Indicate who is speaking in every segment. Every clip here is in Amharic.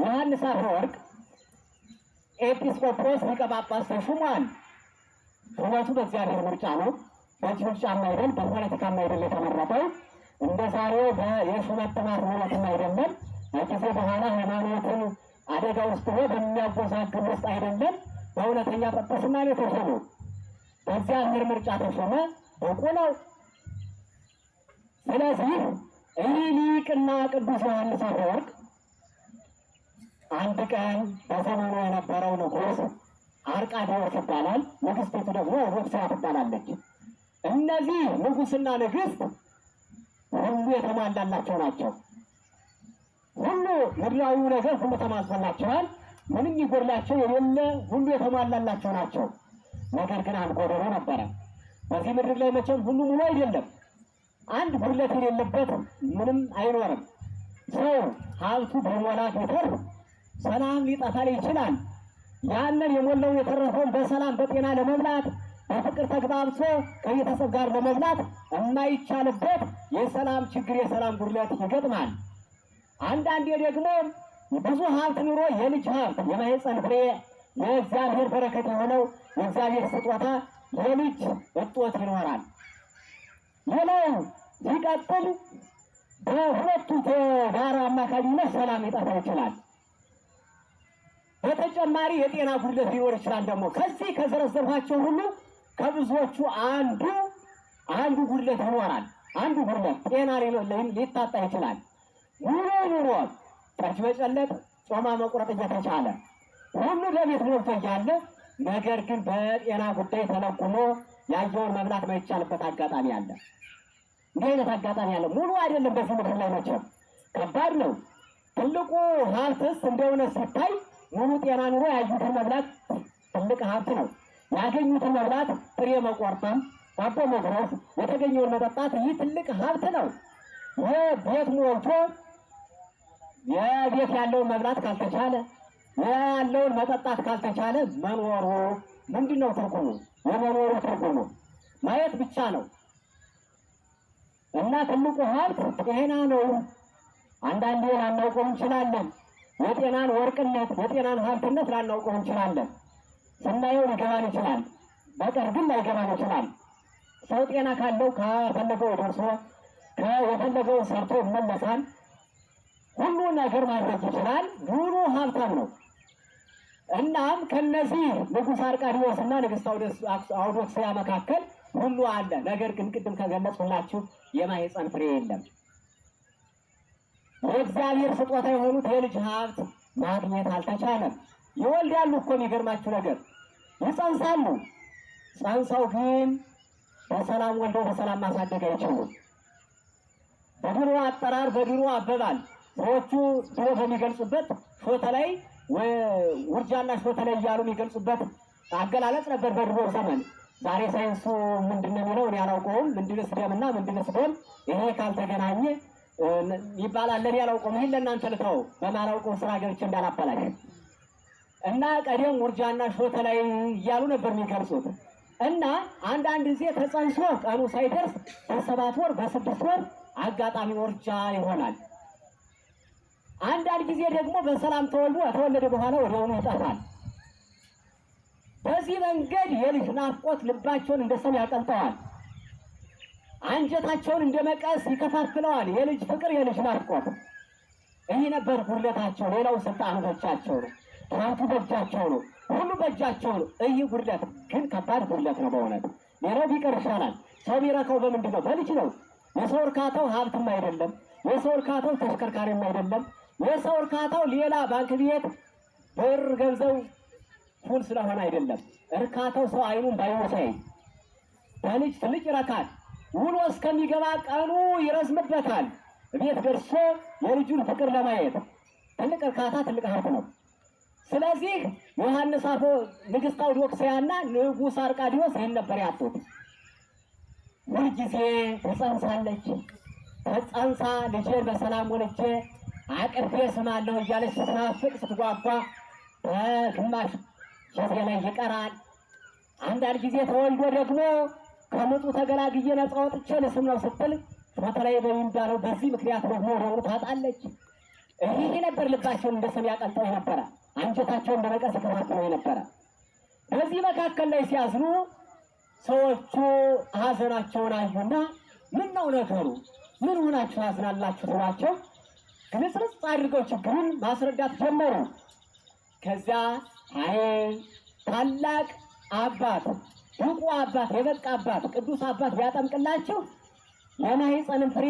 Speaker 1: ዮሐንስ አፈወርቅ ኤጲስቆጶስ ሊቀ ጳጳስ ተሹሟል። ሹመቱ በእግዚአብሔር ምርጫ ነው። በዚህ ምርጫ ማይደል በፖለቲካ ማይደል የተመረጠው እንደ ዛሬው የሹመት ጥማት ማለትም አይደለም። ከጊዜ በኋላ ሃይማኖትን አደጋ ውስጥ ሆ በሚያጎሳግብ ውስጥ አይደለም። በእውነተኛ ጵጵስና ነው የተሾመ። በእግዚአብሔር ምርጫ ተሾመ። ብቁ ነው። ስለዚህ ይህ ሊቅና ቅዱስ ዮሐንስ አፈወርቅ አንድ ቀን በዘመኑ የነበረው ንጉሥ አርቃዲዎስ ይባላል። ንግስቲቱ ደግሞ ወብስራ ትባላለች። እነዚህ ንጉስና ንግስት ሁሉ የተሟላላቸው ናቸው። ሁሉ ምድራዊ ነገር ሁሉ ተሟልቶላቸዋል። ምንም ይጎድላቸው የሌለ ሁሉ የተሟላላቸው ናቸው። ነገር ግን አንድ ጎደሎ ነበረ። በዚህ ምድር ላይ መቼም ሁሉ ሙሉ አይደለም። አንድ ጉድለት የሌለበት ምንም አይኖርም። ሰው ሀብቱ በሞላ ቢተርፍ ሰላም ሊጠፋል ይችላል። ያንን የሞላው የተረፈውን በሰላም በጤና ለመብላት በፍቅር ተግባብቶ ከቤተሰብ ጋር ለመብላት የማይቻልበት የሰላም ችግር የሰላም ጉድለት ይገጥማል። አንዳንዴ ደግሞ ብዙ ሀብት ኑሮ የልጅ ሀብት የማህፀን ፍሬ የእግዚአብሔር በረከት የሆነው የእግዚአብሔር ስጦታ የልጅ እጦት ይኖራል። ሌላው ሲቀጥል በሁለቱ ጋር አማካኝነት ሰላም ይጠፋ ይችላል። በተጨማሪ የጤና ጉድለት ሊኖር ይችላል። ደግሞ ከዚህ ከዘረዘርኋቸው ሁሉ ከብዙዎቹ አንዱ አንዱ ጉድለት ይኖራል። አንዱ ጉድለት ጤና ሌሎለይም ሊታጣ ይችላል። ኑሮ ኑሮ ጠጅ መጨለጥ፣ ጮማ መቁረጥ እየተቻለ ሁሉ ለቤት ሞልቶ እያለ ነገር ግን በጤና ጉዳይ ተለጉሞ ያየውን መብላት ማይቻልበት አጋጣሚ አለ። እንዲህ አይነት አጋጣሚ አለ። ሙሉ አይደለም በዚህ ምድር ላይ መቼም ከባድ ነው። ትልቁ ሀብትስ እንደሆነ ሲታይ ሙሉ ጤና ኑሮ ያዩትን መብላት ትልቅ ሀብት ነው። ያገኙትን መብላት፣ ጥሬ መቆርጠም፣ ዳቦ መጉረስ፣ የተገኘውን መጠጣት፣ ይህ ትልቅ ሀብት ነው። ይህ ቤት ሞልቶ የቤት ያለውን መብላት ካልተቻለ ያለውን መጠጣት ካልተቻለ መኖሩ ምንድን ነው ትርጉሙ? የመኖሩ ትርጉሙ ማየት ብቻ ነው እና ትልቁ ሀብት ጤና ነው። አንዳንዴ ላናውቀው እንችላለን። የጤናን ወርቅነት የጤናን ሀብትነት ላናውቀው እንችላለን። ስናየው ሊገባን ይችላል፣ በቀር ግን ላይገባን ይችላል። ሰው ጤና ካለው ከፈለገው ደርሶ የፈለገውን ሰርቶ ይመለሳል። ሁሉ ነገር ማድረግ ይችላል። ሙሉ ሀብታም ነው። እናም ከነዚህ ንጉሥ አርቃዲዎስ እና ንግሥት አውዶክስያ መካከል ሁሉ አለ። ነገር ግን ቅድም ከገለጽሁላችሁ የማህፀን ፍሬ የለም። እግዚአብሔር ስጦታ የሆኑት የልጅ ሀብት ማግኘት አልተቻለም። ይወልዳሉ እኮ የሚገርማችሁ ነገር ይጸንሳሉ። ጸንሰው ግን በሰላም ወልደው በሰላም ማሳደግ አይችሉም። በድሮ አጠራር በድሮ አበባል ሰዎቹ ድሮ በሚገልጹበት ሾተ ላይ ውርጃና ሾተ ላይ እያሉ የሚገልጹበት አገላለጽ ነበር በድሮ ዘመን። ዛሬ ሳይንሱ ምንድን ነው የሚለው እኔ አላውቀውም። ምንድንስ ስደምና ምንድንስ ስደም ይሄ ካልተገናኘ ይባላል። ለኔ ያላውቀው ይህን ለእናንተ ልተው በማላውቀው ስራ ገብቼ እንዳላበላሽ እና ቀደም ውርጃና ሾተ ላይ እያሉ ነበር የሚቀርጹት እና አንዳንድ ጊዜ ተጸንሶ ቀኑ ሳይደርስ በሰባት ወር በስድስት ወር አጋጣሚ ውርጃ ይሆናል። አንዳንድ ጊዜ ደግሞ በሰላም ተወልዶ ከተወለደ በኋላ ወዲያውኑ ይጠፋል። በዚህ መንገድ የልጅ ናፍቆት ልባቸውን እንደ ሰም ያቀልጠዋል። አንጀታቸውን እንደ መቀስ ይከፋፍለዋል። የልጅ ፍቅር፣ የልጅ ናፍቆት። ይህ ነበር ጉድለታቸው። ሌላው ስልጣን በእጃቸው ነው፣ ሀብቱ በእጃቸው ነው፣ ሁሉ በእጃቸው ነው። ይህ ጉድለት ግን ከባድ ጉድለት ነው በእውነት። ሌላው ቢቀር ይሻላል። ሰው ቢረከው በምንድን ነው? በልጅ ነው። የሰው እርካታው ሀብትም አይደለም። የሰው እርካታው ተሽከርካሪም አይደለም። የሰው እርካታው ሌላ ባንክ ቤት ብር ገንዘብ ፉል ስለሆነ አይደለም። እርካታው ሰው አይኑን ባይወሳይ በልጅ ትልቅ ይረካል። ውሎ እስከሚገባ ቀኑ ይረዝምበታል። ቤት ደርሶ የልጁን ፍቅር ለማየት ትልቅ እርካታ፣ ትልቅ ሀብት ነው። ስለዚህ ዮሐንስ አፈ ንግሥት አውዶክስያና ንጉሥ አርቃዲዎስ ይህን ነበር ያጡት። ሁልጊዜ ተጸንሳለች፣ ተጸንሳ ልጄን በሰላም ወልጄ አቅፌ ስማለሁ እያለች ስትናፍቅ ስትጓጓ በግማሽ ጊዜ ላይ ይቀራል። አንዳንድ ጊዜ ተወልዶ ደግሞ ከምጡ ተገላግዬ ነፃ ወጥቼ ለስም ነው ስትል በተለይ በሚባለው በዚህ ምክንያት ደግሞ ደግሞ ታጣለች። ይህ ነበር ልባቸውን እንደ ሰም ያቀልጠው ነበረ፣ አንጀታቸውን እንደ መቀስ ይከፋፍለው ነበረ። በዚህ መካከል ላይ ሲያዝኑ ሰዎቹ ሀዘናቸውን አዩና ምን ነው ነገሩ? ምን ሆናችሁ አዝናላችሁ? ትሏቸው ግልጽልጽ አድርገው ችግሩን ማስረዳት ጀመሩ። ከዚያ አይ ታላቅ አባት ብቁ አባት የበቃ አባት ቅዱስ አባት ቢያጠምቅላችሁ የማኅፀንን ፍሬ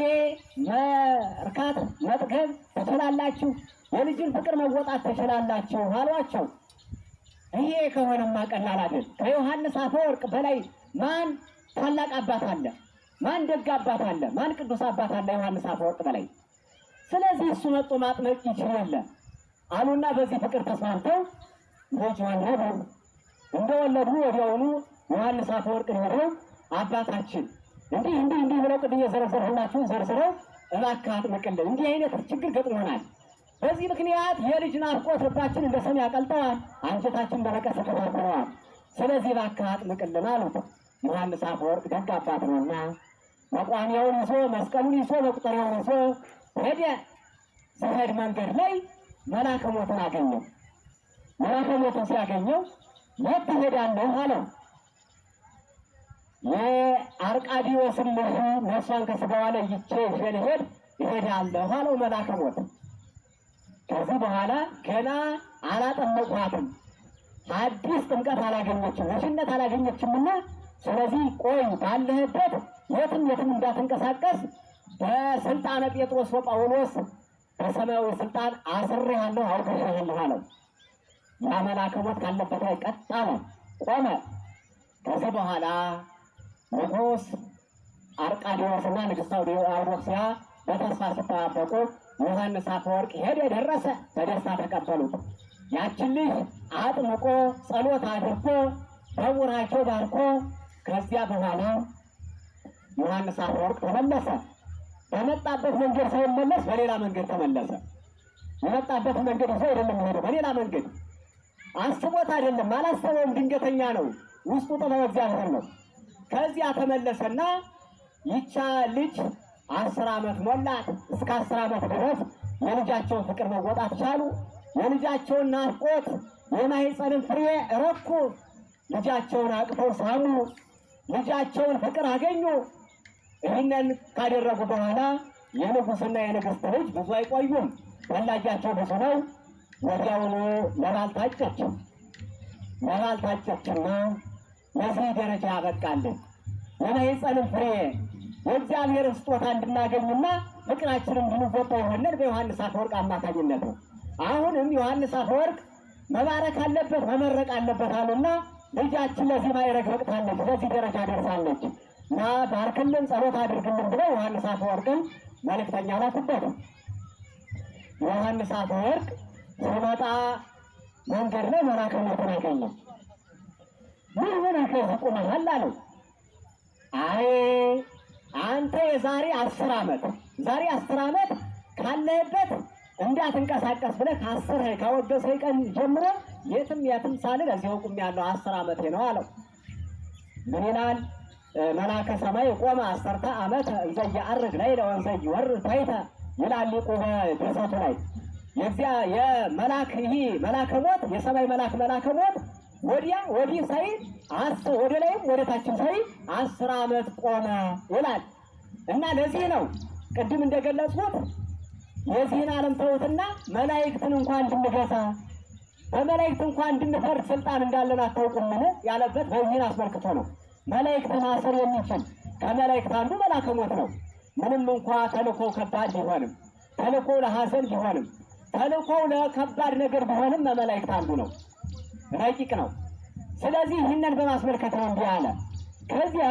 Speaker 1: መርካት መጥገብ ትችላላችሁ፣ የልጅን ፍቅር መወጣት ትችላላችሁ አሏቸው። ይሄ ከሆነማ ቀላል አይደል። ከዮሐንስ አፈወርቅ በላይ ማን ታላቅ አባት አለ? ማን ደግ አባት አለ? ማን ቅዱስ አባት አለ? ዮሐንስ አፈወርቅ በላይ። ስለዚህ እሱ መጦ ማጥመቅ ይችል አሉና በዚህ ፍቅር ተስማምተው ልጅ ወለዱ። እንደወለዱ ወዲያውኑ ዮሐንስ አፈወርቅን ሄደው አባታችን እንዲህ እንዲህ እንዲህ ብለው ቅድም የዘረዘርሁላችሁን ዘርዝረው እባክህ አጥምቅልን፣ እንዲህ አይነት ችግር ገጥሞናል። በዚህ ምክንያት የልጅ ናፍቆት ልባችን እንደ ሰም ያቀልጠዋል፣ አንጀታችን በረቀት ተተባብረዋል። ስለዚህ እባክህ አጥምቅልን አሉት። ዮሐንስ አፈወርቅ ደግ አባት ነውና መቋሚያውን ይዞ መስቀሉን ይዞ መቁጠሪያውን ይዞ ሄደ። ሲሄድ መንገድ ላይ መልአከ ሞትን አገኘው። መልአከ ሞትን ሲያገኘው የት ትሄዳለህ አለው። አርቃዲዎስም እርሱ ነፍሷን ከስጋዋ ለይቼ ይዤ ልሄድ እሄዳለሁ አለው መልአከ ሞት። ከዚህ በኋላ ገና አላጠመቋትም፣ አዲስ ጥምቀት አላገኘችም፣ ልጅነት አላገኘችምና ስለዚህ ቆይ ባለህበት የትም የትም እንዳትንቀሳቀስ በስልጣነ ጴጥሮስ ወጳውሎስ በሰማያዊ ስልጣን አስሬሃለሁ አውርጄሃለሁ አለው። ያ መልአከ ሞት ካለበት ላይ ቀጥ አለ፣ ቆመ። ከዚህ በኋላ ሬፎስ አርቃዲዎስና ንግሥት አውዶክስያ በተስፋ ሲጠባበቁ ዮሐንስ አፈወርቅ ሄደ ደረሰ። በደስታ ተቀበሉት። ያችን ልጅ አጥምቆ ጸሎት አድርጎ በውራቸው ባርኮ ከዚያ በኋላ ዮሐንስ አፈወርቅ ተመለሰ። በመጣበት መንገድ ሳይመለስ በሌላ መንገድ ተመለሰ። የመጣበት መንገድ ይዞ አይደለም ሄደ፣ በሌላ መንገድ አስቦት አይደለም፣ አላሰበውም። ድንገተኛ ነው። ውስጡ ጥበብ እግዚአብሔር ነው። ከዚያ ተመለሰና ይቻ ልጅ አስር ዓመት ሞላት። እስከ አስር ዓመት ድረስ የልጃቸውን ፍቅር መወጣት ቻሉ። የልጃቸውን ናፍቆት የማይጸንን ፍሬ ረኩ። ልጃቸውን አቅፈው ሳሙ። ልጃቸውን ፍቅር አገኙ። ይህንን ካደረጉ በኋላ የንጉሥና የንግሥት ልጅ ብዙ አይቆዩም። ፈላጊያቸው ብዙ ነው። ወዲያውኑ ለባል ታጨች። ለባል ታጨችና ለዚህ ደረጃ እኔ ወመይጸንም ፍሬ የእግዚአብሔርን ስጦታ እንድናገኝና ፍቅራችንን እንድንወጣ ይሆነን በዮሐንስ አፈወርቅ አማካኝነት ነው። አሁንም ዮሐንስ አፈወርቅ መባረክ አለበት መመረቅ አለበት አሉና ልጃችን ለዚህ ማዕረግ በቅታለች፣ ለዚህ ደረጃ ደርሳለች እና ባርክልን፣ ጸሎት አድርግልን ብለው ዮሐንስ አፈወርቅን መልእክተኛ ላኩበት። ዮሐንስ አፈወርቅ ሲመጣ መንገድ ላይ መላከ ሞትን አገኘ። ምን ሆነህ ቆመሃል አለው። አይ አንተ የዛሬ አስር ዓመት ዛሬ አስር ዓመት ካለህበት እንዳትንቀሳቀስ ብለህ ካስርህ ካወደሰኝ ቀን ጀምሮ የትም የትም ሳልል እዚያው ያለው አስር ዓመቴ ነው አለው። ምን ይላል መላከ ሰማይ ቆመ አሰርተ ዓመት እንዘ አርግ ላይ ለወንዘ ይወርድ ታይተ ይላል ሊቁ በድርሰቱ ላይ የዚያ የመላክ ይህ መላከ ሞት የሰማይ መላክ መላከ ሞት ወዲያ ወዲህ ሳይል ወደ ላይም ወደ ታችም ሳይ አስር ዓመት ቆመ ይላል እና ለዚህ ነው ቅድም እንደገለጽኩት የዚህን ዓለም ተውትና መላእክትን እንኳን እንድንገዛ በመላእክት እንኳን እንድንፈርድ ስልጣን እንዳለን አታውቁምን ያለበት በዚህን አስመልክቶ ነው። መላእክት ማሰር የሚችል ከመላእክት አንዱ መልአከ ሞት ነው። ምንም እንኳ ተልኮ ከባድ ቢሆንም፣ ተልኮ ለሐዘን ቢሆንም፣ ተልኮው ለከባድ ነገር ቢሆንም መላእክት አንዱ ነው። ረቂቅ ነው። ስለዚህ ይህንን በማስመልከት ነው እንዲህ አለ። ከዚያ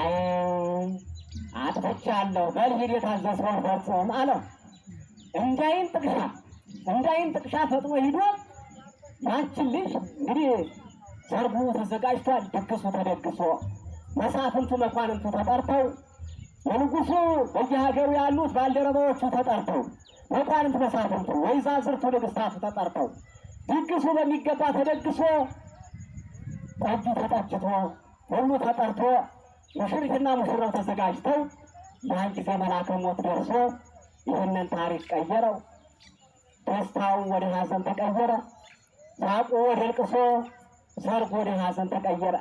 Speaker 1: አይ አጥፍቻለሁ፣ በል ሂድ የታዘዝከውን ፈጽም አለው። እንዳይን ጥቅሻ እንዳይን ጥቅሻ ፈጥኖ ሂዶ ያችን ልጅ እንግዲህ ሰርጉ ተዘጋጅቷል፣ ድግሱ ተደግሶ መሳፍንቱ መኳንንቱ ተጠርተው በንጉሱ በየሀገሩ ያሉት ባልደረባዎቹ ተጠርተው መኳንንት መሳፍንቱ ወይዛዝርቱ ንግስታቱ ተጠርተው ድግሱ በሚገባ ተደግሶ ጠጁ ተጠጭቶ ሁሉ ተጠርቶ ሙሽሪትና ሙሽራው ተዘጋጅተው ያን ጊዜ መልአከ ሞት ደርሶ ይህንን ታሪክ ቀየረው። ደስታውን ወደ ሐዘን ተቀየረ። ሳቁ ወደ ልቅሶ፣ ሰርጉ ወደ ሐዘን ተቀየረ።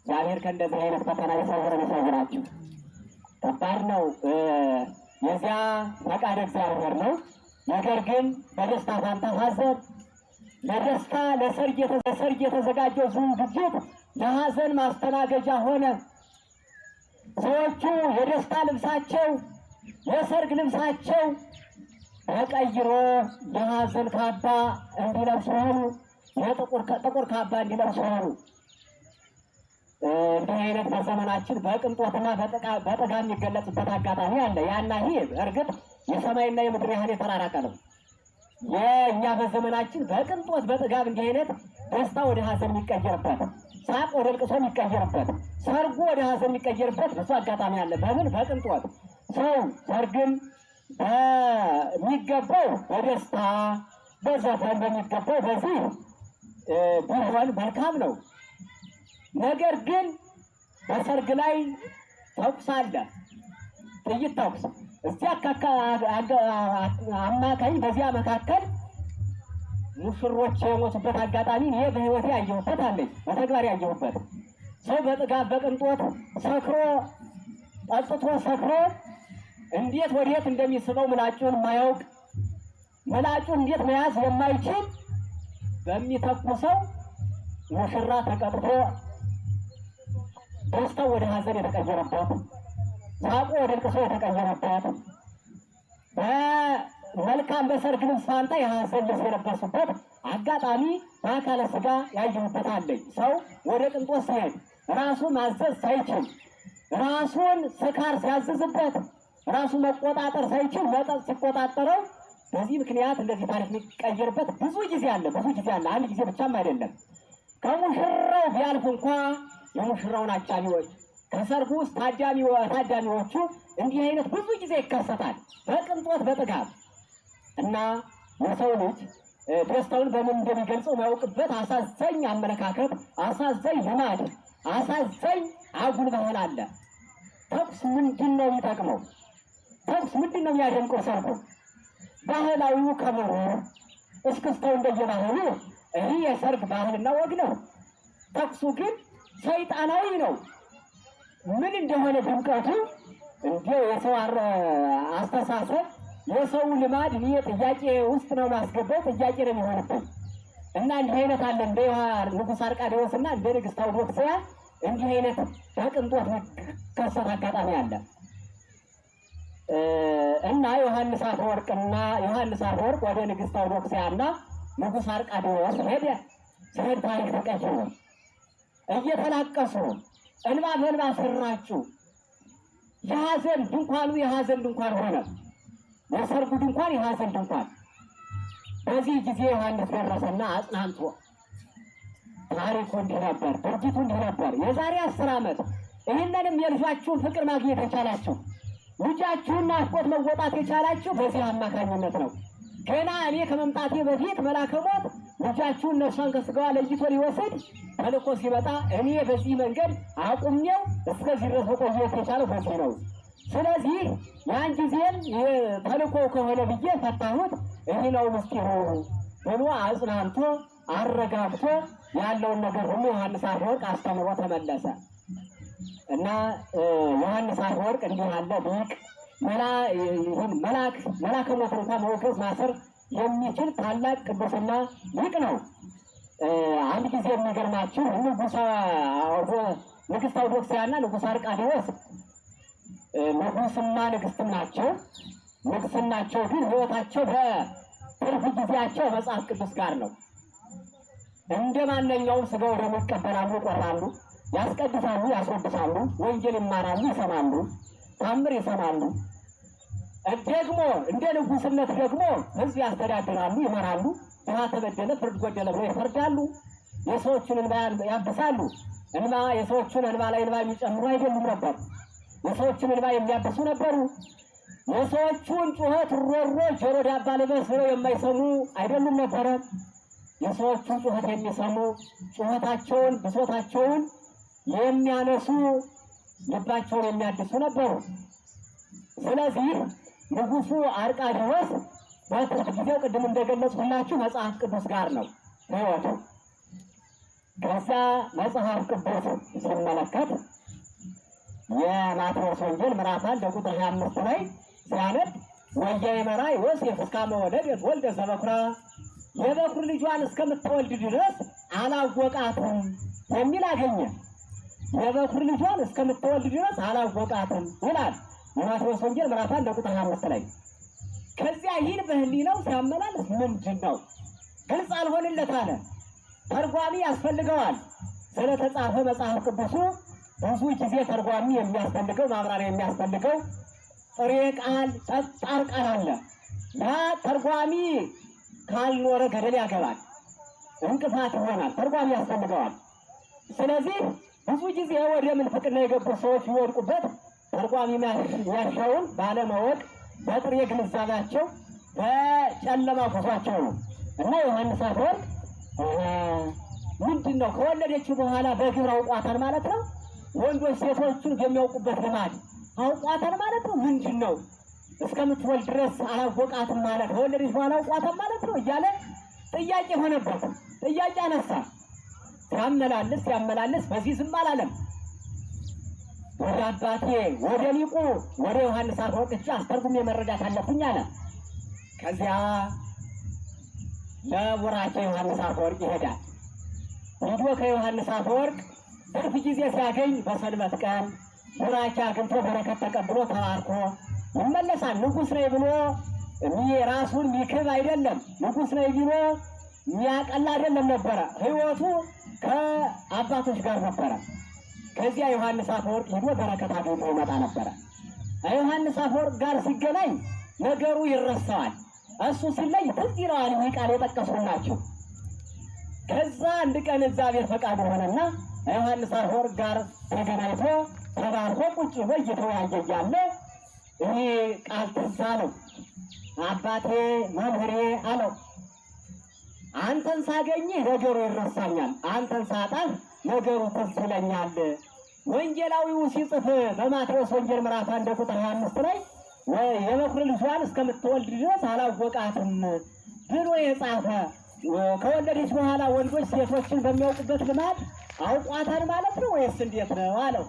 Speaker 1: እግዚአብሔር ከእንደዚህ አይነት ፈተና የሰውረን የሰውራችሁ። ከባድ ነው። የዚያ ፈቃድ እግዚአብሔር ነው። ነገር ግን በደስታ ፋንታ ሐዘን ለደስታ ለሰርግ የተዘጋጀው ዝግጅት የሐዘን ማስተናገጃ ሆነ። ሰዎቹ የደስታ ልብሳቸው፣ የሰርግ ልብሳቸው ተቀይሮ የሐዘን ካባ እንዲለብሱ ሆኑ። ጥቁር ካባ እንዲለብሱ ሆኑ። እንዲህ አይነት በዘመናችን በቅንጦትና በጥጋ የሚገለጽበት አጋጣሚ አለ። ያና ይህ እርግጥ የሰማይና የምድር ያህል የተራራቀ ነው። እኛ በዘመናችን በቅንጦት በጥጋብ እንዲህ አይነት ደስታ ወደ ሀዘን የሚቀየርበት፣ ሳቅ ወደ ልቅሶ የሚቀየርበት፣ ሰርጉ ወደ ሀዘን የሚቀየርበት ብዙ አጋጣሚ አለ። በምን በቅንጦት ሰው ሰርግም በሚገባው በደስታ በዘፈን በሚገባው በዚህ ቢሆን መልካም ነው። ነገር ግን በሰርግ ላይ ተኩስ አለ፣ ጥይት ተኩስ እዚያ አማካኝ በዚያ መካከል ሙሽሮች የሞቱበት አጋጣሚ ይሄ በህይወቴ ያየሁበት አለኝ፣ በተግባር ያየሁበት። ሰው በጥጋብ በቅንጦት ሰክሮ ጠጥቶ ሰክሮ እንዴት ወዴት እንደሚስበው ምላጩን የማያውቅ ምላጩ እንዴት መያዝ የማይችል በሚተኩሰው ሙሽራ ተቀጥቶ ደስታው ወደ ሀዘን የተቀየረበት ሳቁ ወደ ልቅሶ የተቀየረበት በመልካም በሰርግ ልብስ ፋንታ የሐዘን ልብስ የለበሱበት አጋጣሚ በአካለ ስጋ ያየሁበት አለኝ። ሰው ወደ ቅንጦት ሲሄድ ራሱ ማዘዝ ሳይችል ራሱን ስካር ሲያዝዝበት ራሱ መቆጣጠር ሳይችል መጠጥ ሲቆጣጠረው በዚህ ምክንያት እንደዚህ ታሪክ የሚቀየርበት ብዙ ጊዜ አለ፣ ብዙ ጊዜ አለ። አንድ ጊዜ ብቻም አይደለም። ከሙሽራው ቢያልፍ እንኳ የሙሽራውን አጫሚዎች ከሰርፉ ውስጥ ታዳሚዎቹ እንዲህ አይነት ብዙ ጊዜ ይከሰታል። በቅንጦት በጥጋብ እና የሰው ልጅ ደስታውን በምን እንደሚገልጸው የሚያውቅበት አሳዘኝ አመለካከት፣ አሳዘኝ ልማድ፣ አሳዘኝ አጉል ባህል አለ። ተኩስ ምንድን ነው የሚጠቅመው? ተኩስ ምንድን ነው የሚያደንቀው? ሰርጉ ባህላዊው ከበሮ እስክስተው እንደየባህሉ ይህ የሰርግ ባህልና ወግ ነው። ተኩሱ ግን ሰይጣናዊ ነው። ምን እንደሆነ ድምቀቱ እንዲ የሰው አስተሳሰብ የሰው ልማድ እኔ ጥያቄ ውስጥ ነው ማስገባው ጥያቄ ነው የሚሆንብን እና እንዲህ አይነት አለ እንደ ንጉሥ አርቃዴዎስ እና እንደ ንግሥት ታውዶክስያ እንዲህ አይነት በቅንጦት ከሰት አጋጣሚ አለ እና ዮሐንስ አፈወርቅና ዮሐንስ አፈወርቅ ወደ ንግሥት ታውዶክስያ እና ንጉሥ አርቃዴዎስ ሄደ። ስሄድ ታሪክ ተቀይሮ እየተላቀሱ እንባ በእንባ ሰራችሁ። የሐዘን ድንኳኑ የሐዘን ድንኳን ሆነ፣ የሰርጉ ድንኳን የሐዘን ድንኳን። በዚህ ጊዜ ዮሐንስ ደረሰና አጽናንቶ ታሪኩ እንዲህ ነበር፣ ድርጊቱ እንዲህ ነበር። የዛሬ አስር ዓመት ይህንንም የልጃችሁን ፍቅር ማግኘት የቻላችሁ ልጃችሁን ናፍቆት መወጣት የቻላችሁ በዚህ አማካኝነት ነው። ገና እኔ ከመምጣቴ በፊት መላከሞት ልጃችሁን ነፍሷን ከስጋዋ ለይቶ ሊወሰድ ተልኮ ሲመጣ እኔ በዚህ መንገድ አቁሜው እስከዚህ ድረስ መቆየት የቻለ ፈሴ ነው። ስለዚህ ያን ጊዜም ተልኮ ከሆነ ብዬ ፈታሁት። ይህ ነው ምስጢሩ ብሎ አጽናንቶ አረጋግቶ ያለውን ነገር ሁሉ ዮሐንስ አፈወርቅ አስተምሮ ተመለሰ እና ዮሐንስ አፈወርቅ እንዲህ አለ ሊቅ መላክ መላከ ሞትንታ መወገዝ ማሰር የሚችል ታላቅ ቅዱስና ሊቅ ነው። አንድ ጊዜ የሚገርማችሁ ንጉሳ ንግስት አውዶክስያና ንጉሰ አርቃዲዎስ ንጉስና ንግስትም ናቸው። ንግስናቸው ግን ህይወታቸው በትርፍ ጊዜያቸው መጽሐፍ ቅዱስ ጋር ነው። እንደ ማንኛውም ስጋው ደግሞ ይቀበላሉ፣ ይቆርባሉ፣ ያስቀድሳሉ፣ ያስወድሳሉ፣ ወንጌል ይማራሉ፣ ይሰማሉ፣ ታምር ይሰማሉ። ደግሞ እንደ ንጉስነት ደግሞ ህዝብ ያስተዳድራሉ፣ ይመራሉ። ድሃ ተበደለ፣ ፍርድ ጎደለ ብሎ ይፈርዳሉ። የሰዎችን እንባ ያብሳሉ። እንባ የሰዎችን እንባ ላይ እንባ የሚጨምሩ አይደሉም ነበሩ። የሰዎችን እንባ የሚያብሱ ነበሩ። የሰዎቹን ጩኸት ሮሮ ጆሮ ዳባ ልበስ ብለው የማይሰሙ አይደሉም ነበረ። የሰዎቹን ጩኸት የሚሰሙ ጩኸታቸውን፣ ብሶታቸውን የሚያነሱ ልባቸውን የሚያድሱ ነበሩ። ስለዚህ ንጉሡ አርቃድሮስ በትርፍ ጊዜው ቅድም እንደገለጽኩላችሁ መጽሐፍ ቅዱስ ጋር ነው ህይወቱ። ከዛ መጽሐፍ ቅዱስ ስንመለከት የማቴዎስ ወንጌል ምዕራፍ አንድ ቁጥር ሃያ አምስት ላይ ሲያነብ ወያይመራ ዮሴፍ እስካመ ወለድ ወልደ ዘበኩራ የበኩር ልጇን እስከምትወልድ ድረስ አላወቃትም የሚል አገኘ። የበኩር ልጇን እስከምትወልድ ድረስ አላወቃትም ይላል። ማቴዎስ ወንጌል ምዕራፍ አንድ ቁጥር ሃያ አምስት ላይ ከዚያ ይህን በህሊናው ሲያመላልስ ምንድን ነው ግልጽ አልሆንለት አለ። ተርጓሚ ያስፈልገዋል። ስለተጻፈ መጽሐፍ ቅዱሱ ብዙ ጊዜ ተርጓሚ የሚያስፈልገው ማብራሪያ የሚያስፈልገው ጥሬ ቃል፣ ጠጣር ቃል አለ። ያ ተርጓሚ ካልኖረ ገደል ያገባል፣ እንቅፋት ይሆናል። ተርጓሚ ያስፈልገዋል። ስለዚህ ብዙ ጊዜ ወደ ምንፍቅና የገቡ ሰዎች ይወድቁበት ተርጓሚ የሚያሻውን ባለማወቅ በጥሬ ግንዛቤያቸው በጨለማ ጉዟቸው ነው እና ዮሐንስ አፈወርቅ ምንድን ነው ከወለደችው በኋላ በግብር አውቋታል ማለት ነው። ወንዶች ሴቶቹን የሚያውቁበት ልማድ አውቋታል ማለት ነው። ምንድን ነው እስከምትወልድ ድረስ አላወቃትም ማለት ከወለደች በኋላ አውቋታል ማለት ነው እያለ ጥያቄ ሆነበት። ጥያቄ አነሳ። ሲያመላልስ ሲያመላልስ በዚህ ዝም አላለም። ወደ አባቴ ወደ ሊቁ ወደ ዮሐንስ አፈወርቅ አስተርጉሜ መረዳት አለብኝ አለ። ከዚያ ለቡራኬ ዮሐንስ አፈወርቅ ይሄዳል። ሂዶ ከዮሐንስ አፈወርቅ ትርፍ ጊዜ ሲያገኝ በሰንበት ቀን ቡራኬ አግኝቶ በረከት ተቀብሎ ተባርኮ ይመለሳል። ንጉሥ ነኝ ብሎ ራሱን ሚክብ አይደለም። ንጉሥ ነኝ ብሎ የሚያቀላ አይደለም ነበረ። ህይወቱ ከአባቶች ጋር ነበረ። ከዚያ ዮሐንስ አፈወርቅ ሄዶ በረከት አግኝቶ ይመጣ ነበረ። ዮሐንስ አፈወርቅ ጋር ሲገናኝ ነገሩ ይረሳዋል። እሱ ሲለይ ትዝ ይለዋል። ይህ ቃል የጠቀሱ ናቸው። ከዛ አንድ ቀን እግዚአብሔር ፈቃድ የሆነና ዮሐንስ አፈወርቅ ጋር ተገናኝቶ ተባርኮ ቁጭ ብሎ እየተወያየ እያለ ይሄ ቃል ትዝ አለው። አባቴ መምህሬ አለው፣ አንተን ሳገኝህ ነገሩ ይረሳኛል፣ አንተን ሳጣህ ነገሩ ትዝ ይለኛል። ወንጌላዊው ሲጽፍ በማቴዎስ ወንጌል ምዕራፍ አንድ ቁጥር አምስት ላይ የበኩር ልጇን እስከምትወልድ ድረስ አላወቃትም ብሎ የጻፈ ከወለደች በኋላ ወንዶች ሴቶችን በሚያውቁበት ልማድ አውቋታን ማለት ነው ወይስ እንዴት ነው አለው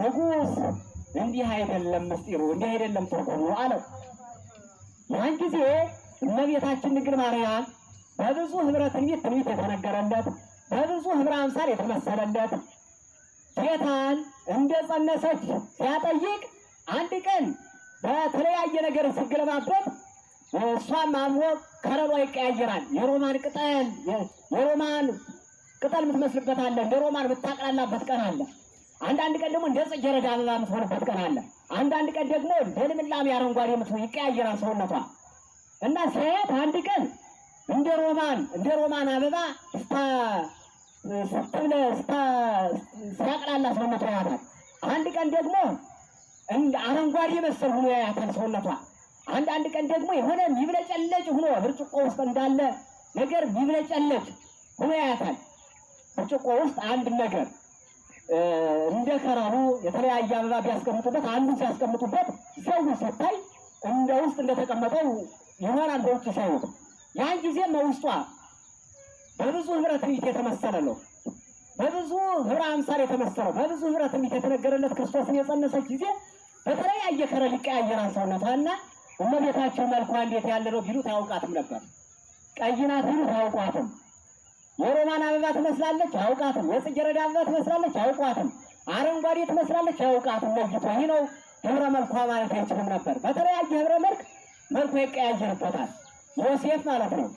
Speaker 1: ንጉሥ። እንዲህ አይደለም ምስጢሩ፣ እንዲህ አይደለም ትርጉሙ አለው። ያን ጊዜ እመቤታችን ድንግል ማርያም በብዙ ህብረት ትንቢት ትንቢት የተነገረለት በብዙ ህብረ አምሳል የተመሰለለት ጌታን እንደ ጸነሰች ሲያጠይቅ አንድ ቀን በተለያየ ነገር ሲገለባበት እሷም አምሮ ከረሯ ይቀያየራል። የሮማን ቅጠል የሮማን ቅጠል የምትመስልበት አለ። እንደ ሮማን የምታቅላላበት ቀን አለ። አንዳንድ ቀን ደግሞ እንደ ጽጌረዳ አበባ የምትሆንበት ቀን አለ። አንዳንድ ቀን ደግሞ እንደ ልምላሜ አረንጓዴ የምትሆን ይቀያየራል ሰውነቷ እና ሲያየት አንድ ቀን እንደ ሮማን እንደ ሮማን አበባ ስታቅላላ ሰውነቷ ያታል አንድ ቀን ደግሞ አረንጓዴ መሰል ሆኖ ያያታል ሰውነቷ። አንድ አንድ ቀን ደግሞ የሆነ ሚብለጨለጭ ሆኖ ብርጭቆ ውስጥ እንዳለ ነገር ሚብለጨለጭ ሆኖ ያያታል። ብርጭቆ ውስጥ አንድ ነገር እንደ ከራሩ የተለያየ አበባ ቢያስቀምጡበት አንዱን ሲያስቀምጡበት ሰው ስታይ እንደ ውስጥ እንደተቀመጠው ይሆናል በውጭ ሳይሆን ያን ጊዜ መውስጧ በብዙ ህብረ ትንቢት የተመሰለ ነው። በብዙ ህብረ አምሳል የተመሰለው በብዙ ህብረ ትንቢት የተነገረለት ክርስቶስን የጸነሰች ጊዜ በተለያየ ከረ ከለር ይቀያየራል ሰውነቷና እመቤታቸው መልኳ እንዴት ያለ ነው ቢሉት አያውቃትም ነበር። ቀይ ናት ቢሉት አያውቋትም። የሮማን አበባ ትመስላለች አያውቃትም። የጽጌረዳ አበባ ትመስላለች አያውቋትም። አረንጓዴ ትመስላለች አያውቃትም። ለይቶ ይህ ነው ህብረ መልኳ ማለት አይችልም ነበር። በተለያየ ህብረ መልክ መልኳ ይቀያየርበታል ዮሴፍ ማለት ነው።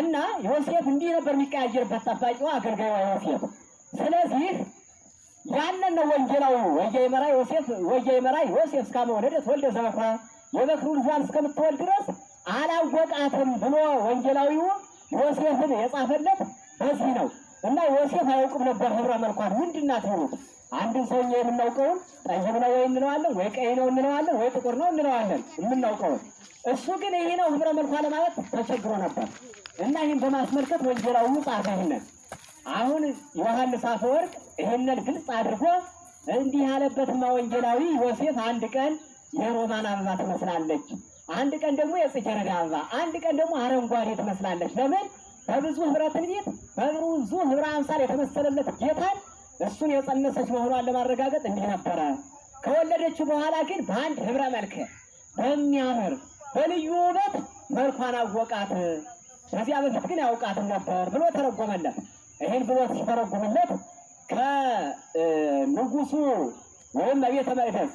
Speaker 1: እና ዮሴፍ እንዲህ ነበር የሚቀያየርበት ጠባቂው አገልጋዩ ዮሴፍ። ስለዚህ ያንን ነው ወንጌላዊ መራ ዮሴፍ መራ ዮሴፍ እስካመ ወለደት ወልደ ዘበኩራ የበኩር ልጇን እስከምትወልድ ድረስ አላወቃትም ብሎ ወንጌላዊው ዮሴፍን የጻፈለት በዚህ ነው። እና ዮሴፍ አያውቅም ነበር ህብረ መልኳን ምንድናት ይሉት አንድን ሰው የምናውቀውን ጠይም ነው ወይ እንለዋለን፣ ወይ ቀይ ነው እንለዋለን፣ ወይ ጥቁር ነው እንለዋለን። የምናውቀውን እሱ ግን ይሄ ነው ህብረ መልኳ ለማለት ተቸግሮ ነበር እና ይህን በማስመልከት ወንጌላዊ ጻፈ። ይህንን አሁን ዮሐንስ አፈወርቅ ይህንን ግልጽ አድርጎ እንዲህ ያለበትማ ወንጌላዊ ዮሴፍ አንድ ቀን የሮማን አበባ ትመስላለች፣ አንድ ቀን ደግሞ የጽጌረዳ አበባ፣ አንድ ቀን ደግሞ አረንጓዴ ትመስላለች። ለምን? በብዙ ህብረትን ቤት በብዙ ህብረ አምሳል የተመሰለለት ጌታን እሱን የጸነሰች መሆኗን ለማረጋገጥ እንዲህ ነበረ። ከወለደችው በኋላ ግን በአንድ ህብረ መልክ በሚያምር በልዩ ውበት መልኳን አወቃት። ከዚያ በፊት ግን ያውቃትም ነበር ብሎ ተረጎመለት። ይህን ብሎ ሲተረጎምለት ከንጉሱ ወይም በቤተ መቅደስ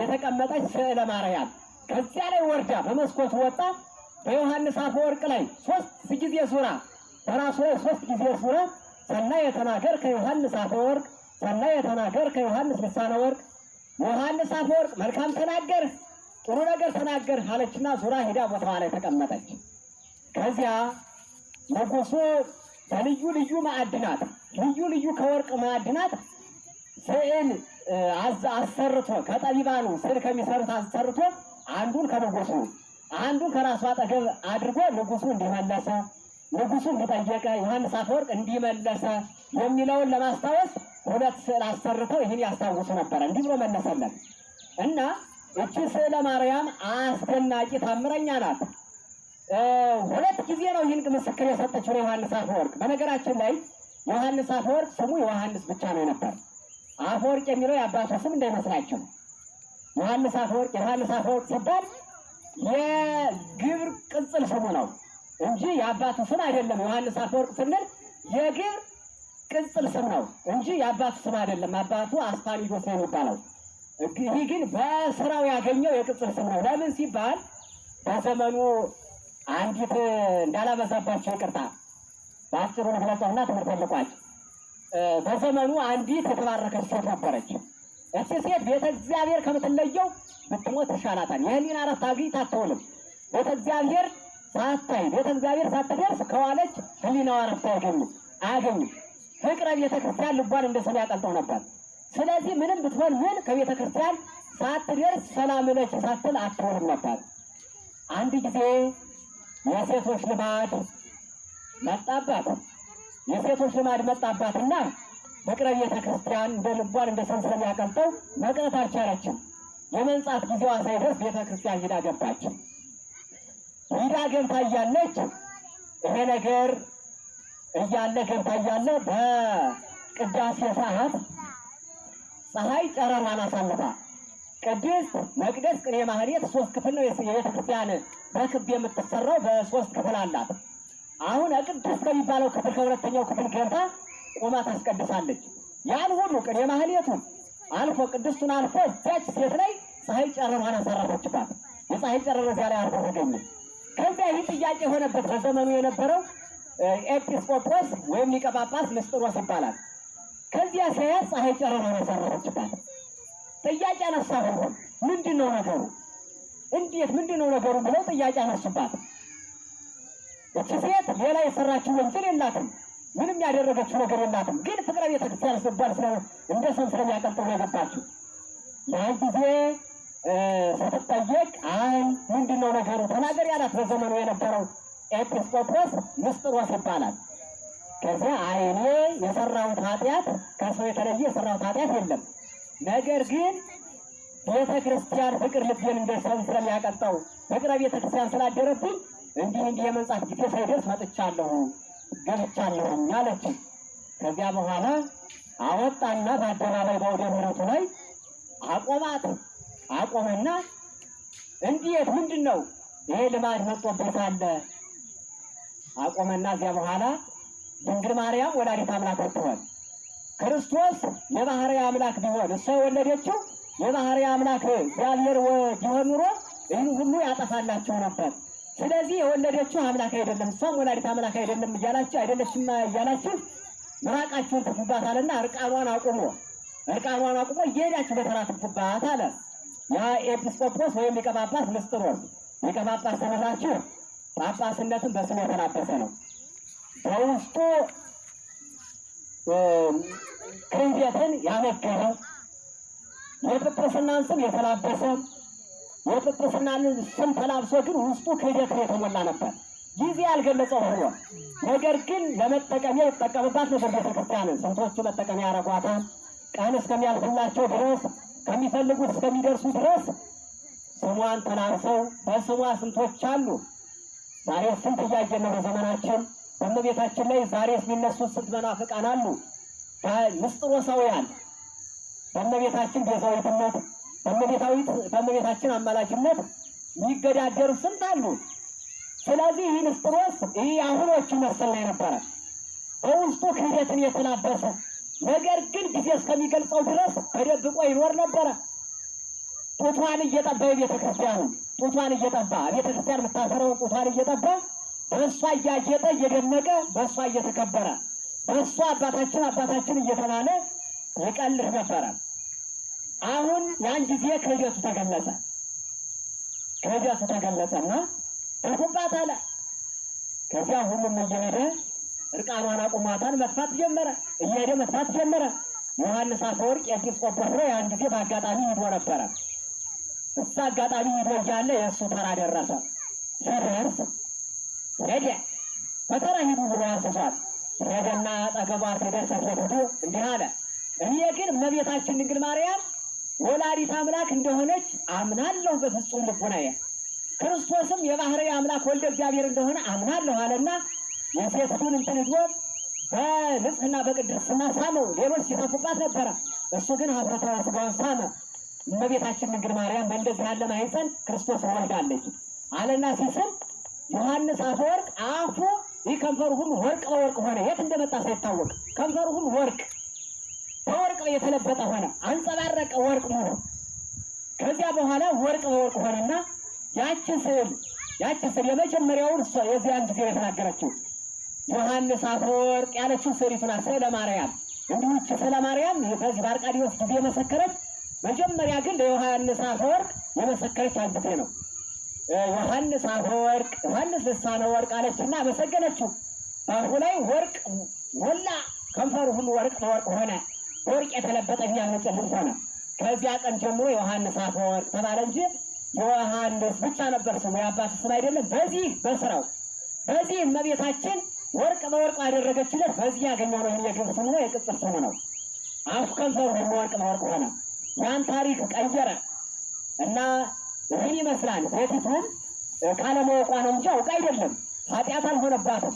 Speaker 1: የተቀመጠች ስዕለ ማርያም ከዚያ ላይ ወርዳ በመስኮት ወጣ። በዮሐንስ አፈወርቅ ላይ ሶስት ጊዜ ዙራ በራሱ ላይ ሶስት ጊዜ ዙራ ሰናየ የተናገር ከዮሐንስ አፈወርቅ ሰናየ የተናገር ከዮሐንስ ልሳነ ወርቅ ዮሐንስ አፈወርቅ መልካም ተናገር ጥሩ ነገር ተናገር አለችና ዙራ ሄዳ ቦታዋ ላይ ተቀመጠች። ከዚያ ንጉሱ በልዩ ልዩ ማዕድናት ልዩ ልዩ ከወርቅ ማዕድናት ስዕል አሰርቶ ከጠቢባኑ ስዕል ከሚሰሩት አሰርቶ አንዱን ከንጉሱ አንዱን ከራሱ አጠገብ አድርጎ ንጉሱ እንዲመለሰ ንጉሱ እንደጠየቀ ዮሐንስ አፈወርቅ እንዲመለሰ የሚለውን ለማስታወስ ሁለት ስዕል አሰርተው ይህን ያስታውሱ ነበረ። እንዲህ ብሎ መለሰለን እና እቺ ስዕለ ማርያም አስደናቂ ታምረኛ ናት። ሁለት ጊዜ ነው ይህን ምስክር የሰጠችው ዮሐንስ አፈወርቅ። በነገራችን ላይ ዮሐንስ አፈወርቅ ስሙ ዮሐንስ ብቻ ነው ነበር። አፈወርቅ የሚለው የአባቱ ስም እንዳይመስላችሁ። ዮሐንስ አፈወርቅ ዮሐንስ አፈወርቅ ሲባል የግብር ቅጽል ስሙ ነው። እንጂ የአባቱ ስም አይደለም። ዮሐንስ አፈወርቅ ስንል የግር ቅጽል ስም ነው እንጂ የአባቱ ስም አይደለም። አባቱ አስፋኒጎስ ነው የሚባለው። ይህ ግን በስራው ያገኘው የቅጽል ስም ነው። ለምን ሲባል በዘመኑ አንዲት እንዳላበዛባቸው ይቅርታ፣ በአጭሩ መግለጫውና ትምህርት ልቋጭ። በዘመኑ አንዲት የተባረከች ሴት ነበረች። እቺ ሴት ቤተ እግዚአብሔር ከምትለየው ብትሞት ይሻላታል። ይህንን አረፍት አግኝታ አትውልም። ቤተ እግዚአብሔር ሳታይ ቤተ እግዚአብሔር ሳትደርስ ከዋለች ህሊናዋ ረፍታ ያገኙ አገኙ ፍቅረ ቤተ ክርስቲያን ልቧን እንደ ሰማይ ያቀልጠው ነበር። ስለዚህ ምንም ብትሆን ምን ከቤተ ክርስቲያን ሳትደርስ ሰላም ነች ሳትል አትሆንም ነበር። አንድ ጊዜ የሴቶች ልማድ መጣባት የሴቶች ልማድ መጣባትና ፍቅረ ቤተ ክርስቲያን እንደ ልቧን እንደ ሰማይ ስለሚያቀልጠው መቅረት አልቻለችም። የመንጻት ጊዜዋ ሳይደርስ ቤተ ክርስቲያን ሂዳ ሂዳ ገብታ እያለች ይሄ ነገር እያለ ገብታ እያለ በቅዳሴ ሰዓት ፀሐይ ጨረሯን አሳልፋ ቅድስት መቅደስ ቅኔ ማህሌት ሶስት ክፍል ነው የቤተ በክብ የምትሰራው በሶስት ክፍል አላት። አሁን ቅድስት ከሚባለው ክፍል ከሁለተኛው ክፍል ገብታ ቆማ ታስቀድሳለች። ያን ሁሉ ቅኔ ማህሌቱን አልፎ ቅድስቱን አልፎ እዚያች ሴት ላይ ፀሐይ ጨረሯን አሳረፈችባት። የፀሐይ ጨረር እዚያ ላይ አርፎ ተገኘ። ከዛ ይህ ጥያቄ የሆነበት በዘመኑ የነበረው ኤጲስቆጶስ ወይም ሊቀ ጳጳስ ንስጥሮስ ይባላል። ከዚያ ሲያያት ፀሐይ ጨረሮ የሰረረች ይባላል። ጥያቄ አነሳሁም ምንድን ነው ነገሩ? እንዴት ምንድን ነው ነገሩ ብለው ጥያቄ አነሱባት። እች ሴት ሌላ የሰራችው ወንጀል የላትም፣ ምንም ያደረገችው ነገር የላትም። ግን ፍቅረ ቤተክርስቲያን ስባል እንደ ሰም ስለሚያቀልጥ ነው የገባችው ያን ጊዜ ስትጠየቅ አይ ምንድን ነው ነገሩ ተናገር ያላት በዘመኑ የነበረው ኤጲስቆጶስ ንስጥሮስ ይባላል። ከዚያ አይ እኔ የሰራሁት ኃጢአት ከሰው የተለየ የሰራሁት ኃጢአት የለም፣ ነገር ግን ቤተ ክርስቲያን ፍቅር ልቤን እንደሰብ ስለሚያቀጠው ፍቅረ ቤተ ክርስቲያን ስላደረብኝ እንዲህ እንዲህ የመንጻት ጊዜ ሳይደርስ መጥቻለሁ ገብቻለሁኝ አለች። ከዚያ በኋላ አወጣና በአደባባይ በአውደ ምሕረቱ ላይ አቆማት። አቆመና እንዴት ምንድን ነው ይሄ ልማድ አለ አቆመና እዚያ በኋላ ድንግል ማርያም ወላዲት አምላክ ወጥተዋል። ክርስቶስ የባህርይ አምላክ ቢሆን እሷ የወለደችው የባህርይ አምላክ እግዚአብሔር ቢሆን ኑሮ ይህን ሁሉ ያጠፋላቸው ነበር። ስለዚህ የወለደችው አምላክ አይደለም፣ እሷም ወላዲት አምላክ አይደለም እያላችሁ አይደለችም እያላችሁ ምራቃችሁን ትፉባት አለና እርቃኗን አቁሞ እርቃኗን አቁሞ እየሄዳችሁ በተራ ትፉባት አለ። ያ ኤጲስቆጶስ ወይም ሊቀ ጳጳስ ንስጥሮስ ሊቀ ጳጳስ ተመራችሁ ጳጳስነትን በስሙ የተላበሰ ነው። በውስጡ ክህደትን ያነገረ የጵጵስናን ስም የተላበሰ የጵጵስናን ስም ተላብሶ ግን ውስጡ ክህደትን የተሞላ ነበር። ጊዜ ያልገለጸው ሆኖ ነገር ግን ለመጠቀሚያ የተጠቀምባት ነበር ቤተክርስቲያንን ስንቶቹ መጠቀሚያ ያረጓታል። ቀን እስከሚያልፍላቸው ድረስ ከሚፈልጉት እስከሚደርሱ ድረስ ስሟን ተላልሰው በስሟ ስንቶች አሉ። ዛሬ ስንት እያየን ነው በዘመናችን። በእመቤታችን ላይ ዛሬ የሚነሱት ስንት መናፍቃን አሉ። ምስጢሮሳውያን በእመቤታችን ቤዛዊትነት፣ በእመቤታችን አማላጅነት የሚገዳደሩ ስንት አሉ። ስለዚህ ይህ ምስጢሮስ ይህ አሁኖቹ መሰል ላይ ነበረ በውስጡ ክህደትን የተላበሰ ነገር ግን ጊዜ እስከሚገልጸው ድረስ ተደብቆ ይኖር ነበረ። ጡቷን እየጠባ የቤተ ክርስቲያኑ ጡቷን እየጠባ ቤተ ክርስቲያን የምታፈረውን ጡቷን እየጠባ በእሷ እያጌጠ እየደመቀ በእሷ እየተከበረ በእሷ አባታችን አባታችን እየተባለ ይቀልህ ነበረ። አሁን ያን ጊዜ ክህደቱ ተገለጸ። ክህደቱ ተገለጸና በኩባት አለ። ከዚያ ሁሉም እየሄደ እርቃኗን አቁሟታን መጥፋት ጀመረ። እየሄደ መጥፋት ጀመረ። ዮሐንስ አፈወርቅ ኤጲስቆጶስ ነው። ያን ጊዜ በአጋጣሚ ሂዶ ነበረ። እሱ አጋጣሚ ሂዶ እያለ የእሱ ተራ ደረሰ። ሲደርስ ሄደ። በተራ ሂዱ ብሎ አንስቷል። ሄደና ጠገቧ ሲደርስ ሴትቱ እንዲህ አለ፣ እኔ ግን እመቤታችን ድንግል ማርያም ወላዲት አምላክ እንደሆነች አምናለሁ በፍጹም ልቡናዬ ክርስቶስም የባህሪ አምላክ ወልደ እግዚአብሔር እንደሆነ አምናለሁ አለና የሴቲቱን እንትን ይዞ በንጽህና በቅድስና ሳመው። ሌሎች ሲተፉባት ነበረ፣ እሱ ግን ኃፍረተ ሥጋዋን ሳመ። እመቤታችን ድንግል ማርያም በእንደዚህ ያለ ማኅፀን ክርስቶስ ወልዳለች አለና ሲስም ዮሐንስ አፈወርቅ አፉ ይህ ከንፈሩ ሁሉ ወርቅ በወርቅ ሆነ። የት እንደመጣ ሳይታወቅ ከንፈሩ ሁሉ ወርቅ በወርቅ የተለበጠ ሆነ፣ አንጸባረቀ ወርቅ ሙሉ። ከዚያ በኋላ ወርቅ በወርቅ ሆነና ያቺ ስዕል ያቺ ስዕል የመጀመሪያውን የዚያን ጊዜ የተናገረችው ዮሐንስ አፈወርቅ ያለችው ሰሪቱን ስዕለ ማርያም እንዲሁች ስዕለ ማርያም በዚህ በአርቃዲዎስ ጊዜ መሰከረች። መጀመሪያ ግን ለዮሐንስ አፈወርቅ የመሰከረች አንግዜ ነው። ዮሐንስ አፈወርቅ ዮሐንስ ልሳነ ወርቅ አለችና መሰገነችው። በአፉ ላይ ወርቅ ሞላ፣ ከንፈሩ ሁሉ ወርቅ በወርቅ ሆነ፣ በወርቅ የተለበጠ የሚያመጨልም ሆነ። ከዚያ ቀን ጀምሮ ዮሐንስ አፈወርቅ ተባለ እንጂ ዮሐንስ ብቻ ነበር ስሙ፣ የአባቱ ስም አይደለም። በዚህ በስራው በዚህ እመቤታችን ወርቅ በወርቅ ያደረገችለት በዚህ ያገኘው ነው። የግብ ስሙ ነው፣ የቅጽል ስሙ ነው። አሽከንፈሩ ደግሞ ወርቅ በወርቅ ሆነ። ያን ታሪክ ቀየረ እና ይህን ይመስላል። ሴቲቱን ካለማወቋ ነው እንጂ አውቃ አይደለም። ኃጢአት አልሆነባትም።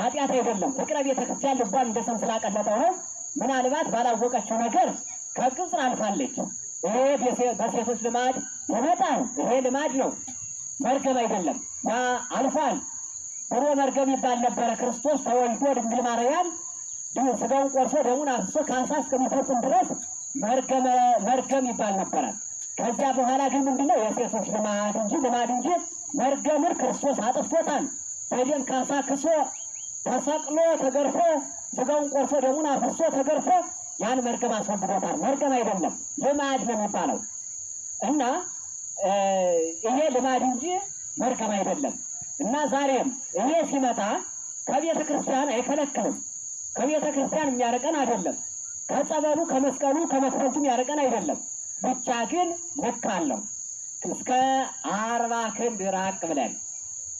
Speaker 1: ኃጢአት አይደለም። ፍቅረ ቤተክርስቲያን ልቧን እንደ ሰም ስላቀለጠው ነው። ምናልባት ባላወቀችው ነገር ከቅጽር አልፋለች። ይሄ በሴቶች ልማድ ይመጣል። ይሄ ልማድ ነው፣ መርገም አይደለም። ያ አልፏል። ኑሮ መርገም ይባል ነበረ። ክርስቶስ ተወልዶ ድንግል ማርያም ስጋውን ቆርሶ ደሙን አፍሶ ካሳ እስከሚፈጽም ድረስ መርገም ይባል ነበረ። ከዚያ በኋላ ግን ምንድነው የሴቶች ልማድ እንጂ ልማድ እንጂ መርገምን ክርስቶስ አጥፍቶታል። በደም ካሳ ክሶ ተሰቅሎ ተገርፎ ስጋውን ቆርሶ ደሙን አፍሶ ተገርፎ ያን መርገም አስወግዶታል። መርገም አይደለም ልማድ ነው የሚባለው እና ይሄ ልማድ እንጂ መርገም አይደለም። እና ዛሬም እኔ ሲመጣ ከቤተ ክርስቲያን አይከለከልም። ከቤተ ክርስቲያን የሚያረቀን አይደለም። ከጸበሉ ከመስቀሉ ከመስፈልቱ የሚያረቀን አይደለም። ብቻ ግን ልክ አለው። እስከ አርባ ክንድ ራቅ ብለን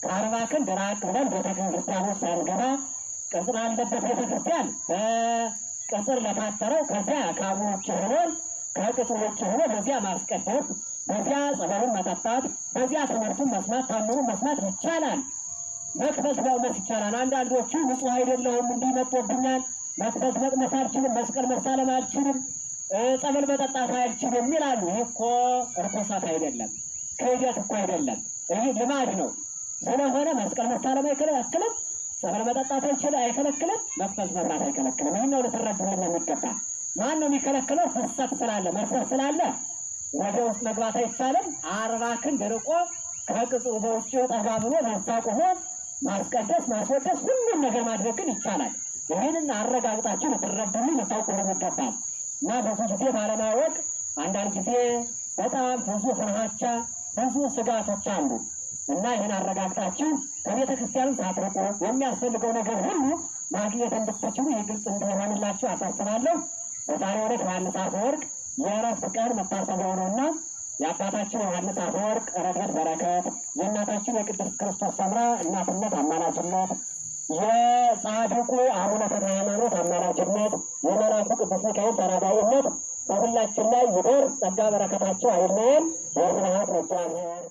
Speaker 1: ከአርባ ክንድ ራቅ ብለን ቤተ ክርስቲያን ውስጥ አንገባ። ቅጽር አለበት ቤተ ክርስቲያን በቅጽር ለታጠረው ከዚያ ከአቡ ውጭ ሆኖ ከቅጽር ውጭ ሆኖ በዚያ ማስቀደስ በዚያ ጸበሩን መጠጣት፣ በዚያ ትምህርቱን መስማት፣ ታምሩን መስማት ይቻላል። መቅበዝ መቅመስ ይቻላል። አንዳንዶቹ ንጹሕ አይደለሁም እንዲህ መጥቶብኛል፣ መቅበዝ መቅመስ አልችልም፣ መስቀል መሳለም አልችልም፣ ጸበል መጠጣት አልችልም ይላሉ። ይህ እኮ እርኮሳት አይደለም፣ ክህደት እኮ አይደለም። ይህ ልማድ ነው። ስለሆነ መስቀል መሳለም አይከለክልም፣ ጸበል መጠጣት አይችል አይከለክልም፣ መቅበዝ መብራት አይከለክልም። ይህ ነው ልትረዱልን የሚገባ። ማን ነው የሚከለክለው? ፍሰት ስላለ መርሰት ስላለ ወደ ውስጥ መግባት አይቻልም። አርባ ክንድ ርቆ ከቅጽሩ በውጭ ጠጋ ብሎ ማስታቅፎ ማስቀደስ፣ ማስወደስ ሁሉም ነገር ማድረግ ግን ይቻላል። ይህንን አረጋግጣችሁ ልትረዱሉ ልታውቁ ይገባል። እና ብዙ ጊዜ ባለማወቅ አንዳንድ ጊዜ በጣም ብዙ ፍርሃቻ፣ ብዙ ስጋቶች አሉ እና ይህን አረጋግጣችሁ ከቤተ ክርስቲያኑ ሳትርቁ የሚያስፈልገው ነገር ሁሉ ማግኘት እንድትችሉ የግልጽ ግልጽ አሳስባለሁ። በዛሬ ዕለት ዮሐንስ አፈወርቅ የዕረፍት ቀን መታሰቢያው እና የአባታችን ዮሐንስ አፈወርቅ ረድኤት በረከት፣ የእናታችን የቅድስት ክርስቶስ ሰምራ እናትነት አማላጅነት፣ የጻድቁ አቡነ ተክለ ሃይማኖት አማላጅነት፣ የመላኩ ቅዱስ ሚካኤል ተራዳኢነት በሁላችን ላይ ይደር። ጸጋ በረከታቸው አይለየን። ወስብሐት ለእግዚአብሔር።